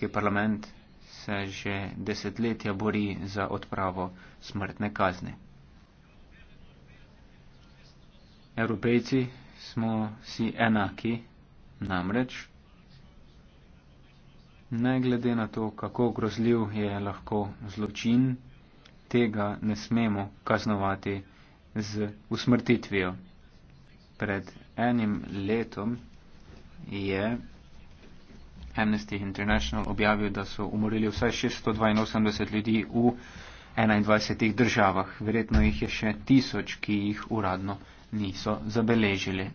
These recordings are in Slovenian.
Evropski parlament se že desetletja bori za odpravo smrtne kazne. Evropejci smo si enaki, namreč ne glede na to, kako grozljiv je lahko zločin, tega ne smemo kaznovati z usmrtitvijo. Pred enim letom je Amnesty International objavil, da so umorili vsaj 682 ljudi v 21 državah. Verjetno jih je še tisoč, ki jih uradno niso zabeležili.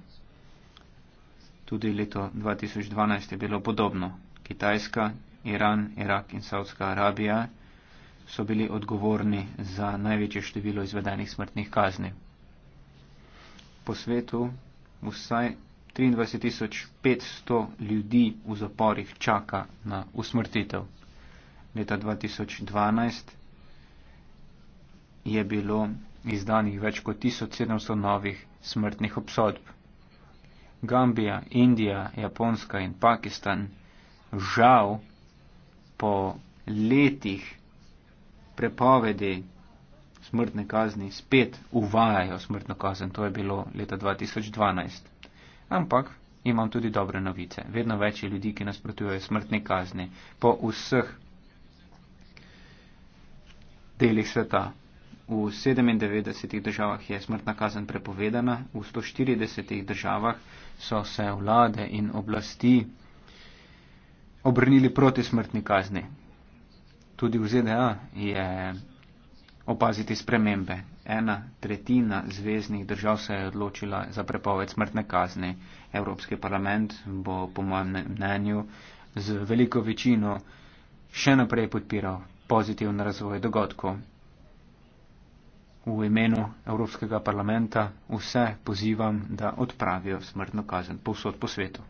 Tudi leto 2012 je bilo podobno. Kitajska, Iran, Irak in Saudska Arabija so bili odgovorni za največje število izvedenih smrtnih kazni. Po svetu vsaj 23.500 ljudi v zaporih čaka na usmrtitev. Leta 2012 je bilo izdanih več kot 1700 novih smrtnih obsodb. Gambija, Indija, Japonska in Pakistan žal po letih prepovedi smrtne kazni spet uvajajo smrtno kazen. To je bilo leta 2012. Ampak imam tudi dobre novice. Vedno več je ljudi, ki nasprotujejo smrtni kazni po vseh delih sveta. V 97 državah je smrtna kazen prepovedana, v 140 državah so se vlade in oblasti obrnili proti smrtni kazni. Tudi v ZDA je opaziti spremembe ena tretjina zvezdnih držav se je odločila za prepoved smrtne kazni. Evropski parlament bo po mojem mnenju z veliko večino še naprej podpiral pozitivno razvoj dogodkov. V imenu Evropskega parlamenta vse pozivam, da odpravijo smrtno kazen povsod po svetu.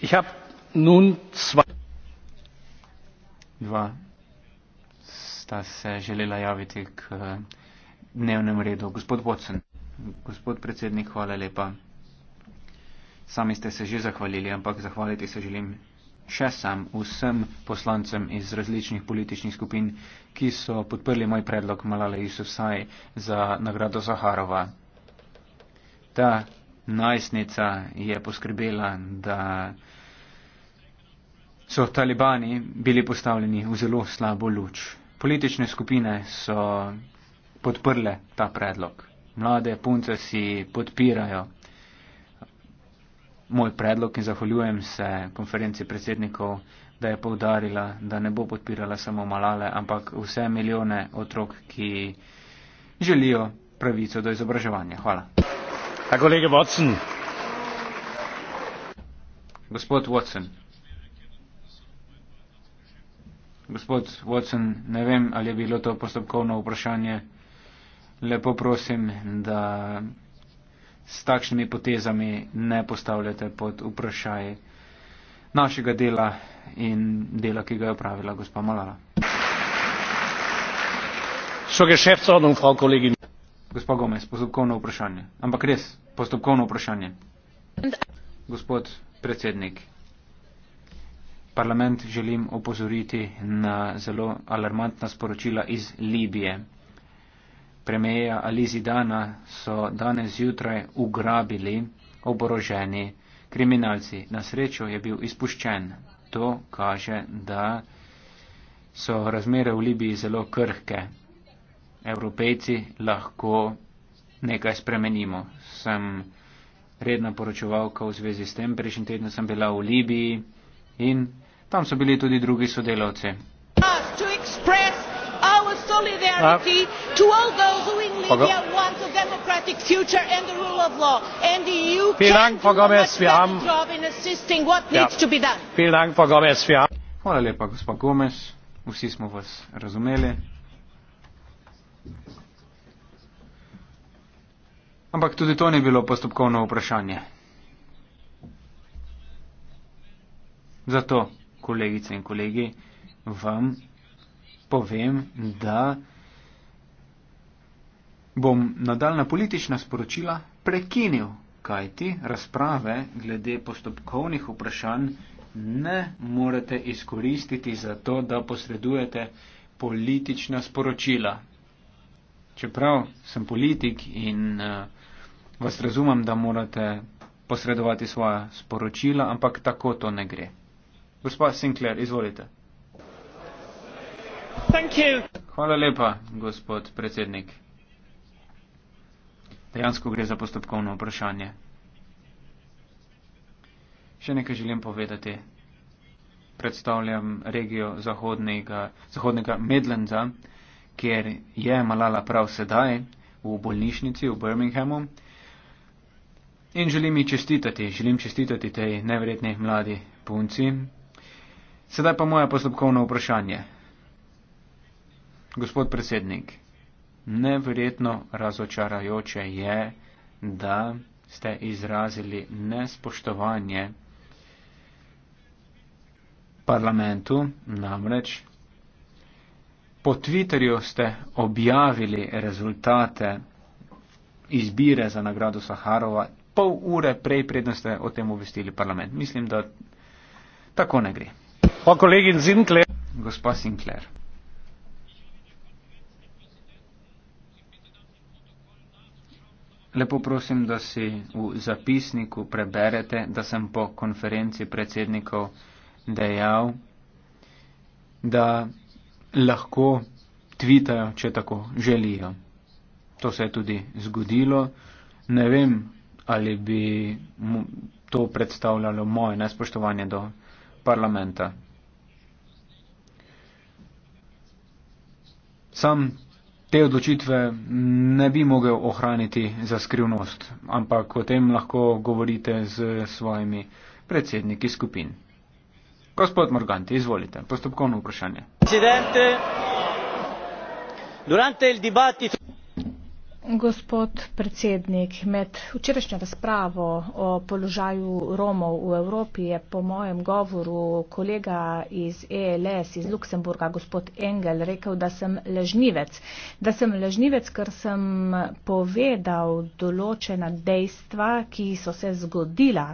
Ich habe Dva sta se želela javiti k eh, dnevnem redu. Gospod Watson, gospod predsednik, hvala lepa. Sami ste se že zahvalili, ampak zahvaliti se želim še sam vsem poslancem iz različnih političnih skupin, ki so podprli moj predlog Malala Isusaj za nagrado Zaharova. Ta najstnica je poskrbela, da so talibani bili postavljeni v zelo slabo luč. Politične skupine so podprle ta predlog. Mlade punce si podpirajo. Moj predlog in zahvaljujem se konferenci predsednikov, da je povdarila, da ne bo podpirala samo malale, ampak vse milijone otrok, ki želijo pravico do izobraževanja. Hvala. A kolega Watson. Gospod Watson. Gospod Watson, ne vem, ali je bilo to postopkovno vprašanje. Lepo prosim, da s takšnimi potezami ne postavljate pod vprašaj našega dela in dela, ki ga je upravila gospa Malala. Gospa Gomez, postopkovno vprašanje. Ampak res, postopkovno vprašanje. Gospod predsednik, parlament želim opozoriti na zelo alarmantna sporočila iz Libije. Premijeja Alizi Dana so danes zjutraj ugrabili oboroženi kriminalci. Na srečo je bil izpuščen. To kaže, da so razmere v Libiji zelo krhke. Evropejci lahko nekaj spremenimo. Sem redna poročevalka v zvezi s tem, prejšnji teden sem bila v Libiji in Tam so bili tudi drugi sodelavci. E ja. Hvala lepa, gospa Gomez. Vsi smo vas razumeli. Ampak tudi to ni bilo postopkovno vprašanje. Zato kolegice in kolegi, vam povem, da bom nadaljna politična sporočila prekinil, kajti razprave glede postopkovnih vprašanj ne morete izkoristiti za to, da posredujete politična sporočila. Čeprav sem politik in uh, vas razumem, da morate posredovati svoja sporočila, ampak tako to ne gre. Gospa Sinclair, izvolite. Hvala lepa, gospod predsednik. Dejansko gre za postopkovno vprašanje. Še nekaj želim povedati. Predstavljam regijo zahodnega, zahodnega Midlanda, kjer je Malala prav sedaj v bolnišnici v Birminghamu. In želim ji čestitati, želim čestitati tej nevredni mladi punci, Sedaj pa moje postopkovno vprašanje. Gospod predsednik, neverjetno razočarajoče je, da ste izrazili nespoštovanje parlamentu, namreč po Twitterju ste objavili rezultate izbire za nagrado Saharova pol ure prej, predno ste o tem obvestili parlament. Mislim, da tako ne gre gospa Sinclair. Lepo prosim, da si v zapisniku preberete, da sem po konferenci predsednikov dejal, da lahko tvitajo, če tako želijo. To se je tudi zgodilo. Ne vem, ali bi to predstavljalo moje nespoštovanje do parlamenta. Sam te odločitve ne bi mogel ohraniti za skrivnost, ampak o tem lahko govorite z svojimi predsedniki skupin. Gospod Morganti, izvolite, postopkovno vprašanje. Presidente, durante il dibattito. Gospod predsednik, med včerajšnjo razpravo o položaju Romov v Evropi je po mojem govoru kolega iz ELS iz Luksemburga, gospod Engel, rekel, da sem lažnivec. Da sem lažnivec, ker sem povedal določena dejstva, ki so se zgodila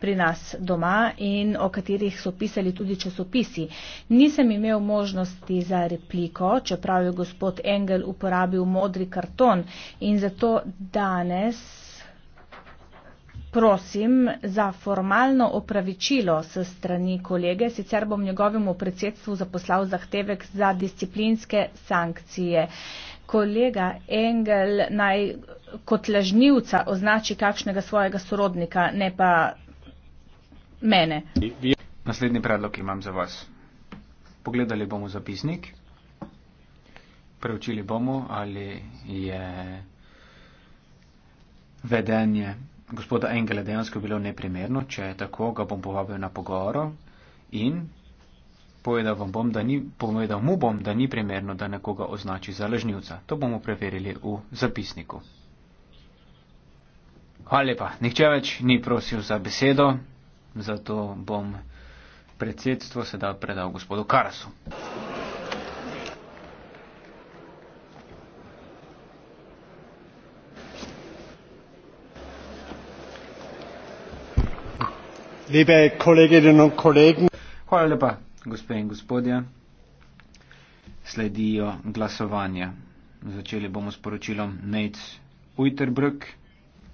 pri nas doma in o katerih so pisali tudi časopisi. Nisem imel možnosti za repliko, čeprav je gospod Engel uporabil modri karton in zato danes. Prosim za formalno opravičilo s strani kolege, sicer bom njegovemu predsedstvu zaposlal zahtevek za disciplinske sankcije. Kolega Engel naj kot lažnivca označi kakšnega svojega sorodnika, ne pa mene. Naslednji predlog imam za vas. Pogledali bomo zapisnik, preučili bomo, ali je vedenje gospoda Engela dejansko bilo neprimerno. Če je tako, ga bom povabil na pogovor in povedal bom, da ni, povedal mu bom, da ni primerno, da nekoga označi za lažnivca. To bomo preverili v zapisniku. Hvala lepa. Nihče več ni prosil za besedo zato bom predsedstvo sedaj predal gospodu Karasu. Lepe kolegine in kolegi. Hvala lepa, gospe in gospodje. Sledijo glasovanja. Začeli bomo s poročilom Nates Uiterbrück.